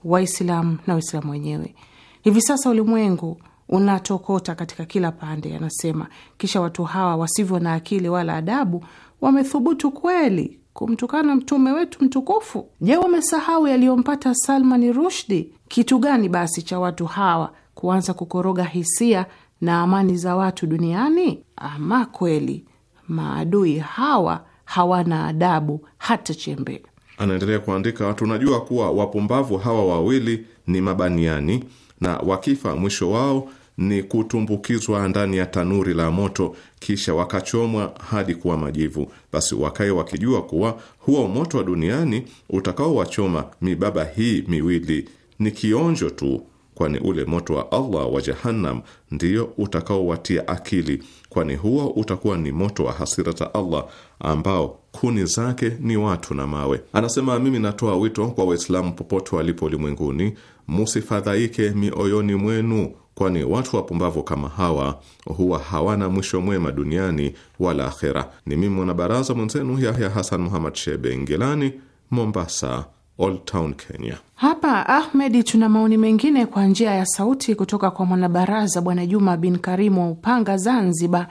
Waislam na Waislamu wenyewe. Hivi sasa ulimwengu unatokota katika kila pande, anasema. Kisha watu hawa wasivyo na akili wala adabu wamethubutu kweli kumtukana mtume wetu mtukufu? Je, wamesahau yaliyompata Salmani Rushdi? Kitu gani basi cha watu hawa kuanza kukoroga hisia na amani za watu duniani? Ama kweli maadui hawa hawana adabu hata chembe. Anaendelea kuandika, tunajua kuwa wapumbavu hawa wawili ni mabaniani na wakifa mwisho wao ni kutumbukizwa ndani ya tanuri la moto, kisha wakachomwa hadi kuwa majivu. Basi wakae wakijua kuwa huo moto wa duniani utakaowachoma mibaba hii miwili ni kionjo tu, kwani ule moto wa Allah wa Jahannam ndiyo utakaowatia akili, kwani huo utakuwa ni moto wa hasira za Allah ambao kuni zake ni watu na mawe. Anasema, mimi natoa wito kwa Waislamu popote walipo ulimwenguni, musifadhaike mioyoni mwenu kwani watu wapumbavu kama hawa huwa hawana mwisho mwema duniani wala akhera. Ni mimi mwanabaraza mwenzenu Yahya Hasan Muhammad Shebe Ngelani, Mombasa, Old Town, Kenya. Hapa Ahmedi, tuna maoni mengine kwa njia ya sauti kutoka kwa mwanabaraza Bwana Juma bin Karimu wa Upanga, Zanzibar.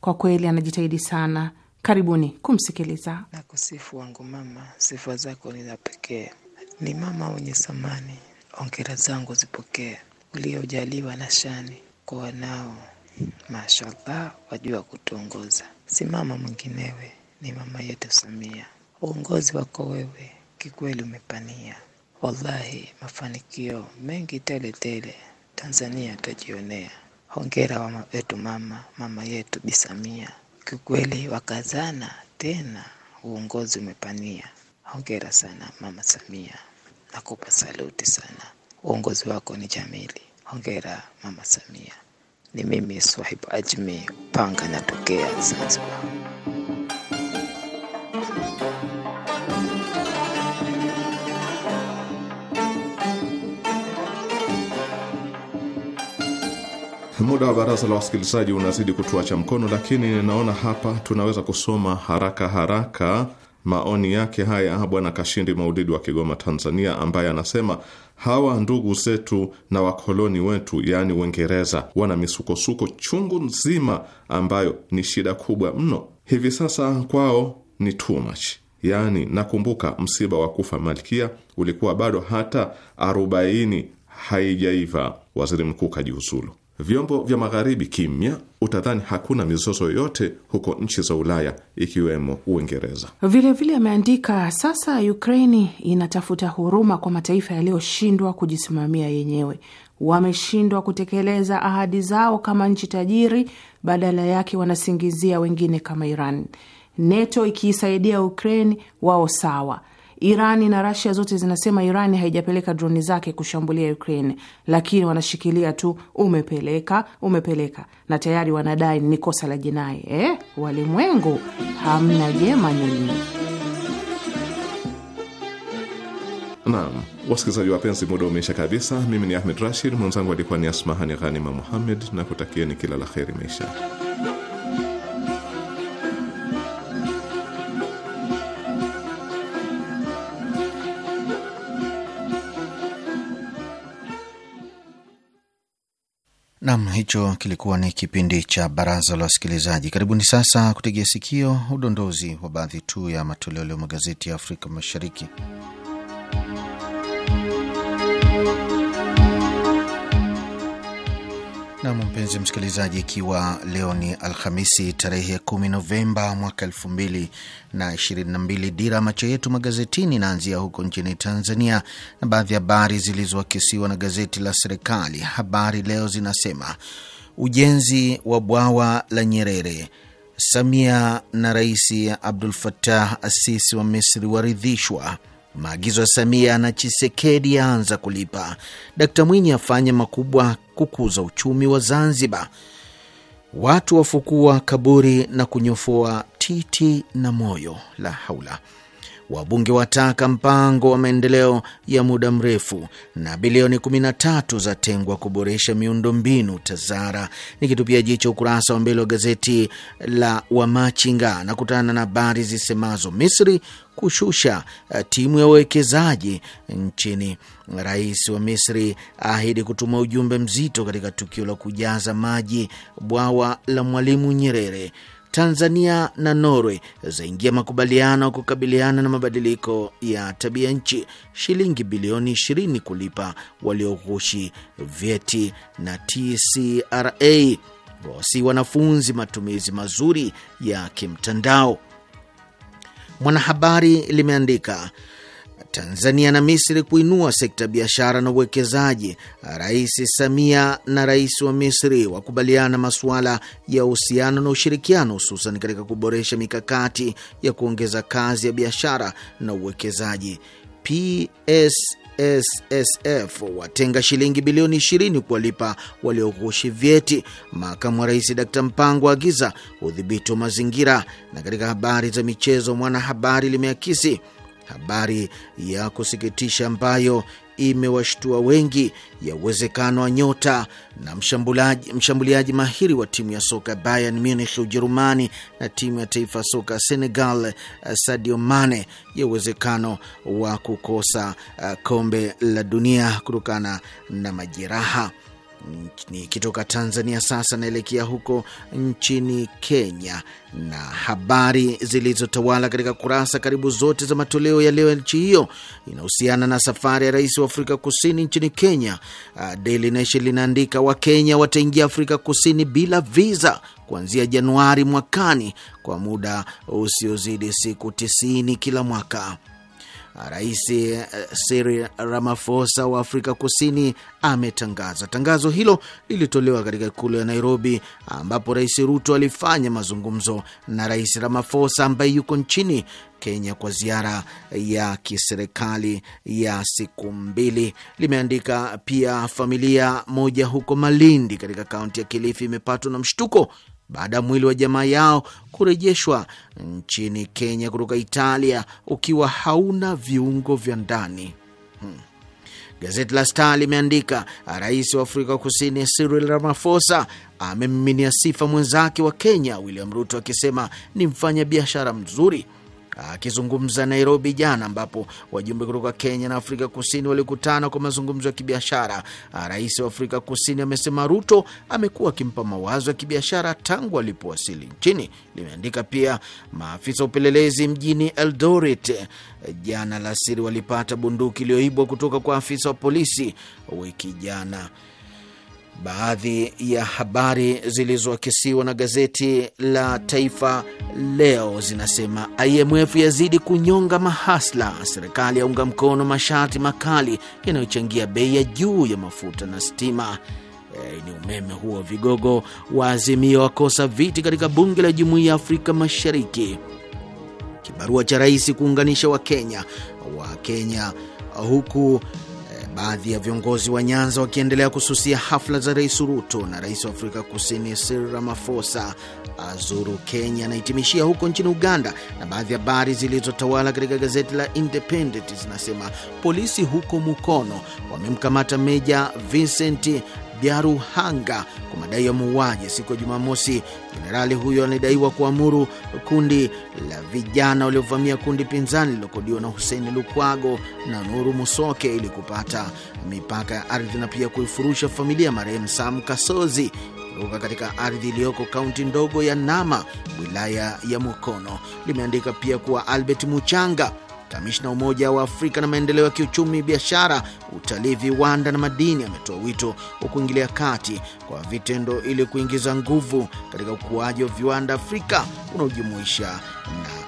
Kwa kweli anajitahidi sana. Karibuni kumsikiliza. Na kusifu wangu mama, sifa zako ni za pekee, ni mama wenye samani. Ongera zangu zipokee uliojaliwa na shani kwa wanao mashallah wajua kutuongoza, si mama mwinginewe, ni mama yetu Samia. Uongozi wako wewe kikweli umepania, wallahi mafanikio mengi tele tele Tanzania tajionea Hongera wetu mama, mama yetu Bi Samia, kikweli wakazana tena, uongozi umepania. Hongera sana mama Samia, nakupa saluti sana uongozi wako ni jamili. Hongera Mama Samia. Ni mimi Swahibu Ajmi Panga, natokea Zanzibar. Muda wa baraza la wasikilizaji unazidi kutuacha mkono, lakini ninaona hapa tunaweza kusoma haraka haraka maoni yake haya Bwana Kashindi Maulidi wa Kigoma, Tanzania, ambaye anasema hawa ndugu zetu na wakoloni wetu, yaani Uingereza, wana misukosuko chungu nzima ambayo ni shida kubwa mno. Hivi sasa kwao ni too much. Yaani, nakumbuka msiba wa kufa Malkia ulikuwa bado hata arobaini haijaiva, waziri mkuu kajiuzulu vyombo vya magharibi kimya, utadhani hakuna mizozo yoyote huko nchi za Ulaya ikiwemo Uingereza. Vilevile ameandika sasa, Ukraini inatafuta huruma kwa mataifa yaliyoshindwa kujisimamia yenyewe, wameshindwa kutekeleza ahadi zao kama nchi tajiri, badala yake wanasingizia wengine kama Iran. Neto ikiisaidia Ukraini wao sawa Irani na Rasia zote zinasema Irani haijapeleka droni zake kushambulia Ukraine, lakini wanashikilia tu umepeleka, umepeleka, na tayari wanadai ni kosa la jinai. Eh, walimwengu hamna jema nyinyi. Naam, wasikilizaji wapenzi, muda umeisha kabisa. Mimi ni Ahmed Rashid, mwenzangu alikuwa ni Asmahani Ghanima Muhammed, na kutakieni kila la kheri maisha Nam, hicho kilikuwa ni kipindi cha baraza la wasikilizaji. Karibuni sasa kutegea sikio udondozi wa baadhi tu ya matoleo leo magazeti ya Afrika Mashariki. Nam, mpenzi msikilizaji, ikiwa leo ni Alhamisi tarehe 1 Novemba mwaka 222 dira macho yetu magazetini inaanzia huko nchini Tanzania na baadhi ya habari zilizoakisiwa na gazeti la serikali Habari Leo zinasema ujenzi wa bwawa la Nyerere, Samia na Rais Abdul fatah asisi wa Misri waridhishwa Maagizo ya Samia na Chisekedi yaanza kulipa. Dkt Mwinyi afanya makubwa kukuza uchumi wa Zanzibar. Watu wafukua kaburi na kunyofoa titi na moyo. La haula. Wabunge wataka mpango wa maendeleo ya muda mrefu, na bilioni 13 tengwa kuboresha miundombinu TAZARA. ni kitupia jicho ukurasa wa mbele wa gazeti la Wamachinga na kutana na habari zisemazo Misri kushusha eh, timu ya uwekezaji nchini. Rais wa Misri ahidi kutuma ujumbe mzito katika tukio la kujaza maji bwawa la Mwalimu Nyerere. Tanzania na Norway zaingia makubaliano kukabiliana na mabadiliko ya tabia nchi, shilingi bilioni 20 kulipa walioghushi vyeti, na TCRA wasi wanafunzi matumizi mazuri ya kimtandao. Mwanahabari limeandika Tanzania na Misri kuinua sekta ya biashara na uwekezaji. Rais Samia na rais wa Misri wakubaliana masuala ya uhusiano na ushirikiano, hususan katika kuboresha mikakati ya kuongeza kazi ya biashara na uwekezaji. PSSSF watenga shilingi bilioni 20 kuwalipa walioghushi vyeti. Makamu wa rais Dkt Mpango aagiza udhibiti wa mazingira. Na katika habari za michezo, Mwanahabari limeakisi habari ya kusikitisha ambayo imewashtua wengi ya uwezekano wa nyota na mshambuliaji, mshambuliaji mahiri wa timu ya soka Bayern Munich Ujerumani na timu ya taifa ya soka Senegal Sadio Mane ya uwezekano wa kukosa eh, kombe la dunia kutokana na majeraha. Nikitoka Tanzania sasa naelekea huko nchini Kenya, na habari zilizotawala katika kurasa karibu zote za matoleo ya leo ya nchi hiyo inahusiana na safari ya rais wa Afrika Kusini nchini Kenya. Uh, Daily Nation linaandika Wakenya wataingia Afrika Kusini bila visa kuanzia Januari mwakani kwa muda usiozidi siku tisini kila mwaka. Rais eh, Cyril Ramaphosa wa Afrika Kusini ametangaza tangazo hilo. Lilitolewa katika ikulu ya Nairobi, ambapo Rais Ruto alifanya mazungumzo na Rais Ramaphosa ambaye yuko nchini Kenya kwa ziara ya kiserikali ya siku mbili. Limeandika pia familia moja huko Malindi katika kaunti ya Kilifi imepatwa na mshtuko baada ya mwili wa jamaa yao kurejeshwa nchini Kenya kutoka Italia ukiwa hauna viungo vya ndani hmm. Gazeti la Star limeandika rais wa Afrika Kusini Cyril Ramaphosa amemiminia sifa mwenzake wa Kenya William Ruto akisema ni mfanya biashara mzuri Akizungumza Nairobi jana, ambapo wajumbe kutoka Kenya na Afrika Kusini walikutana kwa mazungumzo ya kibiashara, rais wa Afrika Kusini amesema Ruto amekuwa akimpa mawazo ya kibiashara tangu alipowasili nchini, limeandika pia. Maafisa wa upelelezi mjini Eldoret jana la siri walipata bunduki iliyoibwa kutoka kwa afisa wa polisi wiki jana. Baadhi ya habari zilizoakisiwa na gazeti la Taifa Leo zinasema IMF yazidi kunyonga mahasla, serikali yaunga mkono masharti makali yanayochangia bei ya juu ya mafuta na stima. E, ni umeme huo. Vigogo wa Azimio wakosa viti katika bunge la Jumuiya ya Afrika Mashariki. Kibarua cha rais kuunganisha Wakenya Wakenya huku baadhi ya viongozi wa Nyanza wakiendelea kususia hafla za Rais Ruto na rais wa Afrika Kusini Cyril Ramaphosa azuru Kenya anahitimishia huko nchini Uganda. Na baadhi ya habari zilizotawala katika gazeti la Independent zinasema polisi huko Mukono wamemkamata Meja Vincent Ruhanga kwa madai ya muuaji siku ya Jumamosi. Jenerali huyo anadaiwa kuamuru kundi la vijana waliovamia kundi pinzani lililokodiwa na Huseini Lukwago na Nuru Musoke ili kupata mipaka ya ardhi na pia kuifurusha familia ya marehemu Sam Kasozi kutoka katika ardhi iliyoko kaunti ndogo ya Nama, wilaya ya Mukono. Limeandika pia kuwa Albert Muchanga Kamishna wa Umoja wa Afrika na maendeleo ya kiuchumi, biashara, utalii, viwanda na madini ametoa wito wa kuingilia kati kwa vitendo ili kuingiza nguvu katika ukuaji wa viwanda Afrika unaojumuisha na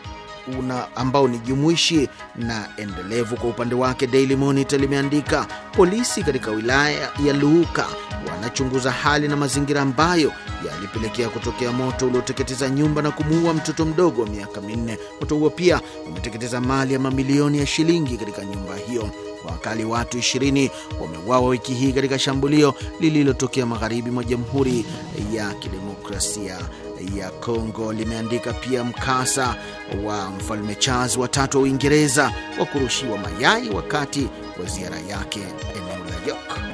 una ambao ni jumuishi na endelevu. Kwa upande wake, Daily Monitor limeandika polisi katika wilaya ya Luuka wanachunguza hali na mazingira ambayo yalipelekea kutokea moto ulioteketeza nyumba na kumuua mtoto mdogo wa miaka minne. Moto huo pia umeteketeza mali ya mamilioni ya shilingi katika nyumba hiyo. Kwa wakali watu 20 wameuawa wiki hii katika shambulio lililotokea magharibi mwa Jamhuri ya Kidemokrasia ya Kongo. Limeandika pia mkasa wa Mfalme Charles watatu wa Uingereza wa kurushiwa mayai wakati wa ziara yake eneo la York.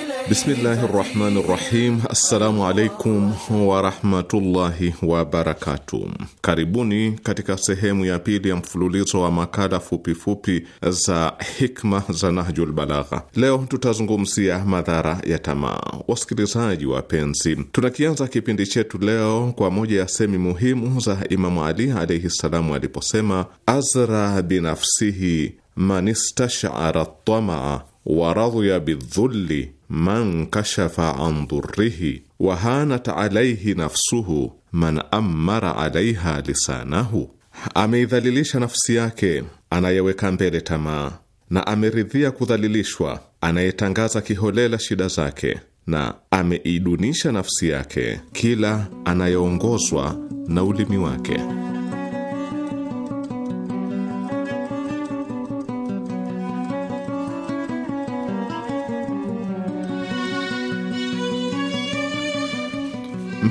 Bismillahi rahmani rahim. Assalamu alaikum warahmatullahi wabarakatuh. Karibuni katika sehemu ya pili ya mfululizo wa makala fupifupi za hikma za Nahjul Balagha. Leo tutazungumzia madhara ya tamaa. Wasikilizaji wapenzi, tunakianza kipindi chetu leo kwa moja ya semi muhimu za Imamu Ali alaihi ssalamu aliposema, azra binafsihi man istashara tamaa wa bidhulli man kashafa an dhurrihi wa hanat alaihi nafsuhu man amara alaiha lisanahu, ameidhalilisha nafsi yake anayeweka mbele tamaa, na ameridhia kudhalilishwa anayetangaza kiholela shida zake, na ameidunisha nafsi yake kila anayeongozwa na ulimi wake.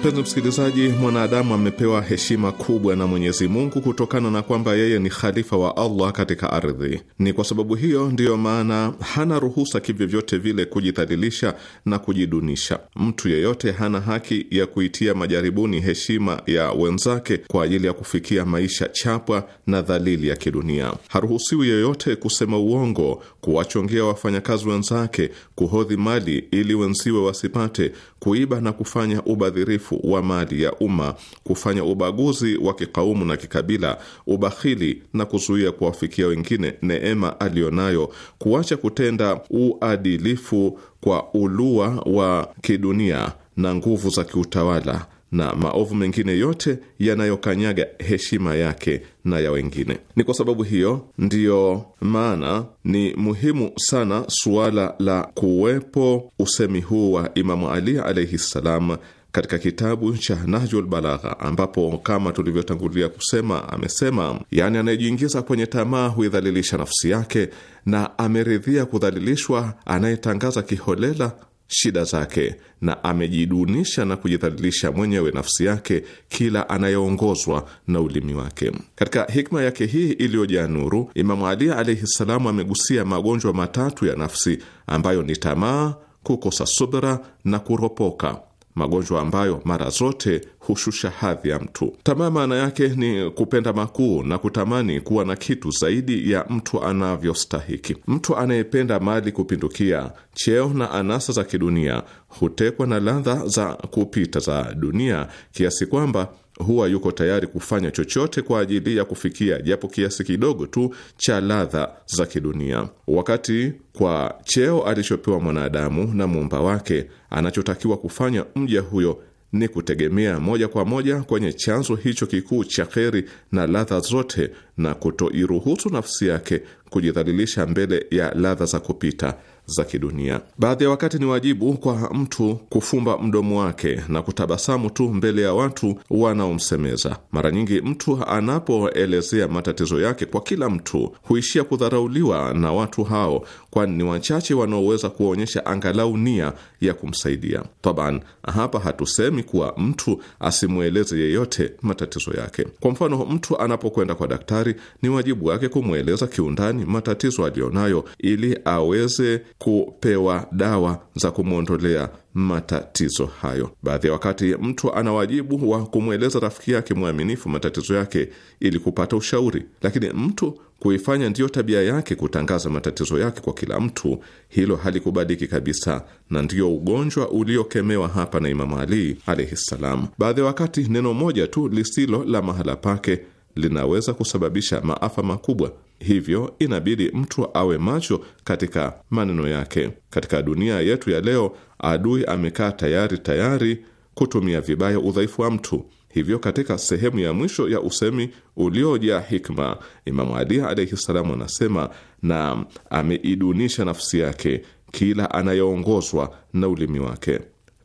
Mpenzi msikilizaji, mwanadamu amepewa heshima kubwa na Mwenyezi Mungu kutokana na kwamba yeye ni khalifa wa Allah katika ardhi. Ni kwa sababu hiyo ndiyo maana hana ruhusa kivyovyote vile kujidhalilisha na kujidunisha. Mtu yeyote hana haki ya kuitia majaribuni heshima ya wenzake kwa ajili ya kufikia maisha chapwa na dhalili ya kidunia. Haruhusiwi yeyote kusema uongo, kuwachongea wafanyakazi wenzake, kuhodhi mali ili wenziwe wasipate kuiba na kufanya ubadhirifu wa mali ya umma, kufanya ubaguzi wa kikaumu na kikabila, ubakhili na kuzuia kuwafikia wengine neema aliyonayo, kuacha kutenda uadilifu kwa ulua wa kidunia na nguvu za kiutawala na maovu mengine yote yanayokanyaga heshima yake na ya wengine. Ni kwa sababu hiyo ndiyo maana ni muhimu sana suala la kuwepo usemi huu wa Imamu Ali alaihi ssalam katika kitabu cha Nahjul Balagha ambapo kama tulivyotangulia kusema amesema, yaani anayejiingiza kwenye tamaa huidhalilisha nafsi yake, na ameridhia kudhalilishwa anayetangaza kiholela shida zake na amejidunisha na kujidhalilisha mwenyewe nafsi yake kila anayeongozwa na ulimi wake. Katika hikma yake hii iliyojaa nuru, Imamu Ali alaihi ssalamu amegusia magonjwa matatu ya nafsi ambayo ni tamaa, kukosa subra na kuropoka magonjwa ambayo mara zote hushusha hadhi ya mtu. Tamaa maana yake ni kupenda makuu na kutamani kuwa na kitu zaidi ya mtu anavyostahiki. Mtu anayependa mali kupindukia, cheo na anasa za kidunia, hutekwa na ladha za kupita za dunia kiasi kwamba huwa yuko tayari kufanya chochote kwa ajili ya kufikia japo kiasi kidogo tu cha ladha za kidunia, wakati kwa cheo alichopewa mwanadamu na muumba wake, anachotakiwa kufanya mja huyo ni kutegemea moja kwa moja kwenye chanzo hicho kikuu cha kheri na ladha zote, na kutoiruhusu nafsi yake kujidhalilisha mbele ya ladha za kupita za kidunia. Baadhi ya wakati ni wajibu kwa mtu kufumba mdomo wake na kutabasamu tu mbele ya watu wanaomsemeza. Mara nyingi mtu anapoelezea matatizo yake kwa kila mtu huishia kudharauliwa na watu hao kwani ni wachache wanaoweza kuonyesha angalau nia ya kumsaidia. Taban, hapa hatusemi kuwa mtu asimweleze yeyote matatizo yake. Kwa mfano, mtu anapokwenda kwa daktari, ni wajibu wake kumweleza kiundani matatizo aliyonayo ili aweze kupewa dawa za kumwondolea matatizo hayo. Baadhi ya wakati mtu ana wajibu wa kumweleza rafiki yake mwaminifu matatizo yake ili kupata ushauri, lakini mtu kuifanya ndiyo tabia yake kutangaza matatizo yake kwa kila mtu, hilo halikubaliki kabisa, na ndiyo ugonjwa uliokemewa hapa na Imamu Ali alaihi ssalam. Baadhi ya wakati neno moja tu lisilo la mahala pake linaweza kusababisha maafa makubwa, hivyo inabidi mtu awe macho katika maneno yake. Katika dunia yetu ya leo, adui amekaa tayari tayari kutumia vibaya udhaifu wa mtu Hivyo katika sehemu ya mwisho ya usemi uliojaa hikma, Imamu Ali alaihi salamu anasema, na ameidunisha nafsi yake kila anayoongozwa na ulimi wake.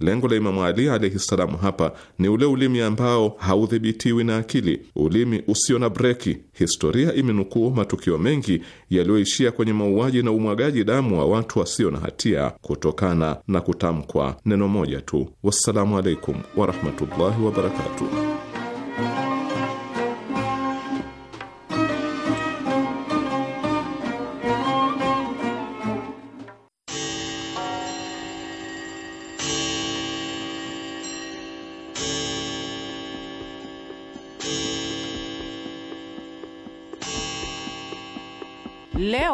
Lengo la Imamu Ali alaihi ssalam hapa ni ule ulimi ambao haudhibitiwi na akili, ulimi usio na breki. Historia imenukuu matukio mengi yaliyoishia kwenye mauaji na umwagaji damu wa watu wasio na hatia kutokana na kutamkwa neno moja tu. Wassalamu alaikum warahmatullahi wabarakatuh.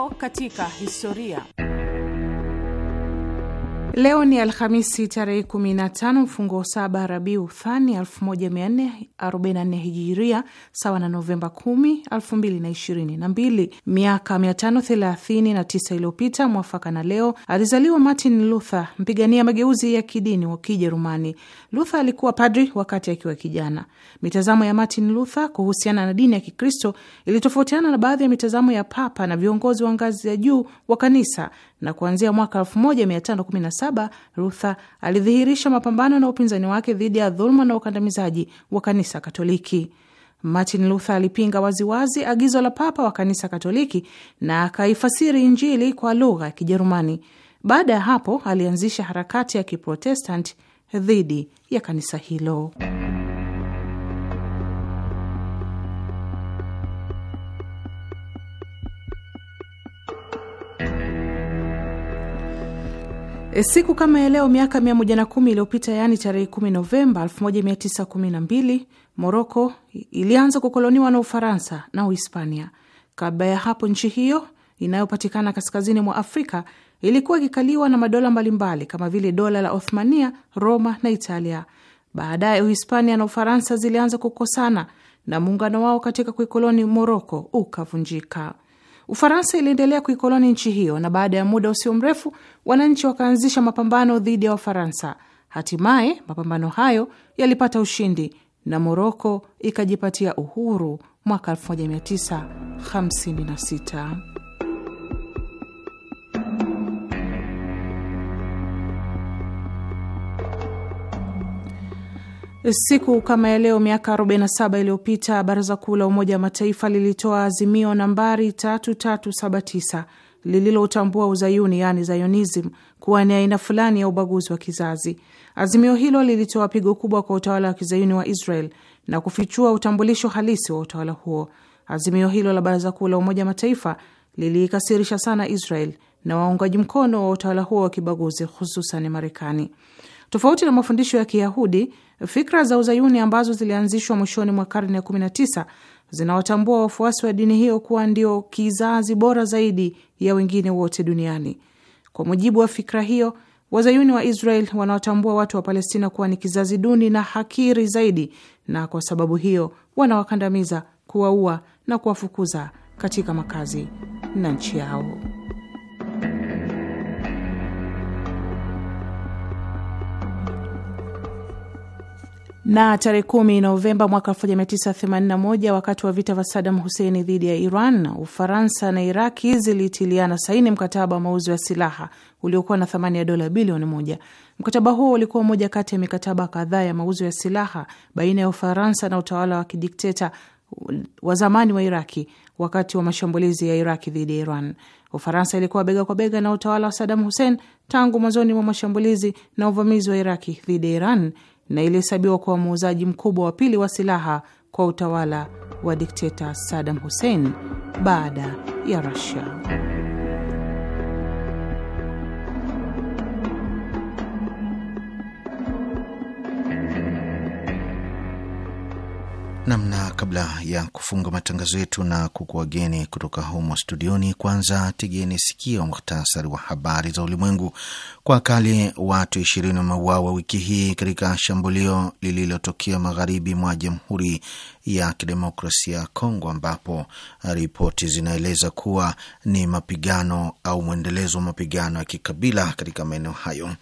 katika historia. Leo ni Alhamisi tarehe 15 mfungo saba Rabiu Thani 1444 Hijiria, sawa na Novemba 10, 2022. Miaka 539 iliyopita mwafaka na leo alizaliwa Martin Luther, mpigania mageuzi ya kidini wa Kijerumani. Luther alikuwa padri wakati akiwa kijana. Mitazamo ya Martin Luther kuhusiana na dini ya Kikristo ilitofautiana na baadhi ya mitazamo ya Papa na viongozi wa ngazi ya juu wa kanisa na kuanzia mwaka 1517 Luther alidhihirisha mapambano na upinzani wake dhidi ya dhuluma na ukandamizaji wa kanisa Katoliki. Martin Luther alipinga waziwazi agizo la papa wa kanisa Katoliki na akaifasiri Injili kwa lugha ya Kijerumani. Baada ya hapo, alianzisha harakati ya Kiprotestanti dhidi ya kanisa hilo. E, siku kama ya leo miaka 110 iliyopita, yaani tarehe 10 Novemba 1912, Moroko ilianza kukoloniwa na Ufaransa na Uhispania. Kabla ya hapo, nchi hiyo inayopatikana kaskazini mwa Afrika ilikuwa ikikaliwa na madola mbalimbali kama vile dola la Othmania, Roma na Italia. Baadaye Uhispania na Ufaransa zilianza kukosana na muungano wao katika kuikoloni Moroko ukavunjika. Ufaransa iliendelea kuikoloni nchi hiyo na baada ya muda usio mrefu wananchi wakaanzisha mapambano dhidi ya Wafaransa. Hatimaye mapambano hayo yalipata ushindi na Moroko ikajipatia uhuru mwaka 1956. Siku kama ya leo miaka 47 iliyopita Baraza Kuu la Umoja wa Mataifa lilitoa azimio nambari 3379 lililotambua uzayuni yaani zionism kuwa ni aina fulani ya ubaguzi wa kizazi. Azimio hilo lilitoa pigo kubwa kwa utawala wa kizayuni wa Israel na kufichua utambulisho halisi wa utawala huo. Azimio hilo la Baraza Kuu la Umoja wa Mataifa liliikasirisha sana Israel na waungaji mkono wa utawala huo wa kibaguzi, hususan Marekani. Tofauti na mafundisho ya Kiyahudi, fikra za uzayuni ambazo zilianzishwa mwishoni mwa karne ya 19 zinawatambua wafuasi wa dini hiyo kuwa ndio kizazi bora zaidi ya wengine wote duniani. Kwa mujibu wa fikra hiyo, wazayuni wa Israel wanawatambua watu wa Palestina kuwa ni kizazi duni na hakiri zaidi, na kwa sababu hiyo wanawakandamiza, kuwaua na kuwafukuza katika makazi na nchi yao. na tarehe kumi Novemba mwaka 1981 wakati wa vita vya Sadam Hussein dhidi ya Iran, Ufaransa na Iraki zilitiliana saini mkataba wa mauzo ya silaha uliokuwa na thamani ya dola bilioni moja. Mkataba huo ulikuwa moja kati ya mikataba kadhaa ya mauzo ya silaha baina ya Ufaransa na utawala wa kidikteta wa zamani wa Iraki wakati wa mashambulizi ya Iraki dhidi ya Iran. Ufaransa ilikuwa bega kwa bega na utawala wa Sadam Hussein tangu mwanzoni mwa mashambulizi na uvamizi wa Iraki dhidi ya Iran na ilihesabiwa kuwa muuzaji mkubwa wa pili wa silaha kwa utawala wa dikteta Saddam Hussein baada ya Russia. namna. Kabla ya kufunga matangazo yetu na kukuwageni kutoka humo studioni, kwanza tigeni sikio muhtasari wa habari za ulimwengu. Kwa akali watu ishirini wameuawa wiki hii katika shambulio lililotokea magharibi mwa Jamhuri ya Kidemokrasia ya Kongo, ambapo ripoti zinaeleza kuwa ni mapigano au mwendelezo wa mapigano ya kikabila katika maeneo hayo.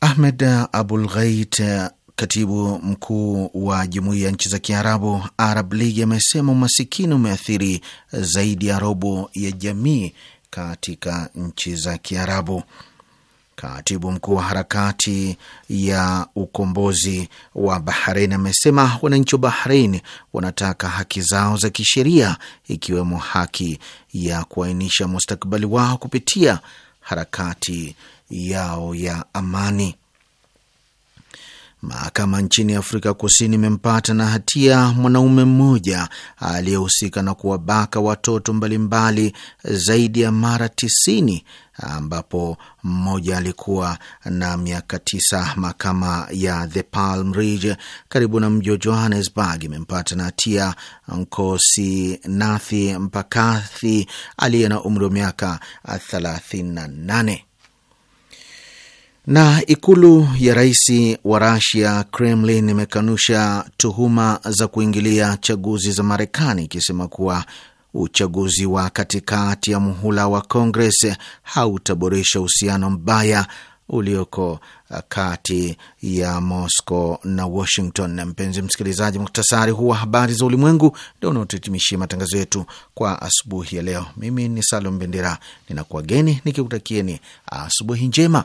Ahmed Abulghait Katibu mkuu wa jumuiya ya nchi za Kiarabu, Arab League, amesema umasikini umeathiri zaidi ya robo ya jamii katika nchi za Kiarabu. Katibu mkuu wa harakati ya ukombozi wa Bahrein amesema wananchi wa Bahrein wanataka haki zao za kisheria, ikiwemo haki ya kuainisha mustakabali wao kupitia harakati yao ya amani. Mahakama nchini Afrika Kusini imempata na hatia mwanaume mmoja aliyehusika na kuwabaka watoto mbalimbali zaidi ya mara tisini ambapo mmoja alikuwa na miaka tisa. Mahakama ya The Palm Ridge karibu na mji wa Johannesburg imempata na hatia Nkosi Nathi Mpakathi aliye na umri wa miaka na nane na ikulu ya rais wa Rasia, Kremlin, imekanusha tuhuma za kuingilia chaguzi za Marekani, ikisema kuwa uchaguzi wa katikati ya muhula wa Kongres hautaboresha uhusiano mbaya ulioko kati ya Moscow na Washington. Na mpenzi msikilizaji, muktasari huu wa habari za ulimwengu ndio unaotuhitimishia matangazo yetu kwa asubuhi ya leo. Mimi ni Salum Bendera, ninakuwageni nikikutakieni asubuhi njema.